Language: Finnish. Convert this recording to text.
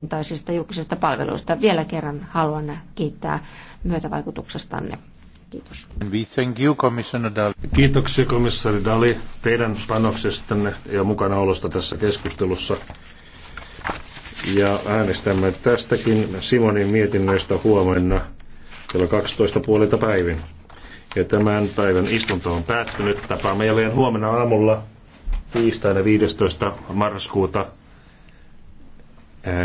suuntaisista julkisista palveluista. Vielä kerran haluan kiittää myötävaikutuksestanne. Kiitos. We thank you, Commissioner Dali. Kiitoksia komissaari Dali teidän panoksestanne ja mukanaolosta tässä keskustelussa. Ja äänestämme tästäkin Simonin mietinnöistä huomenna kello 12 puolilta päivin. Ja tämän päivän istunto on päättynyt. Tapaamme jälleen huomenna aamulla tiistaina 15. marraskuuta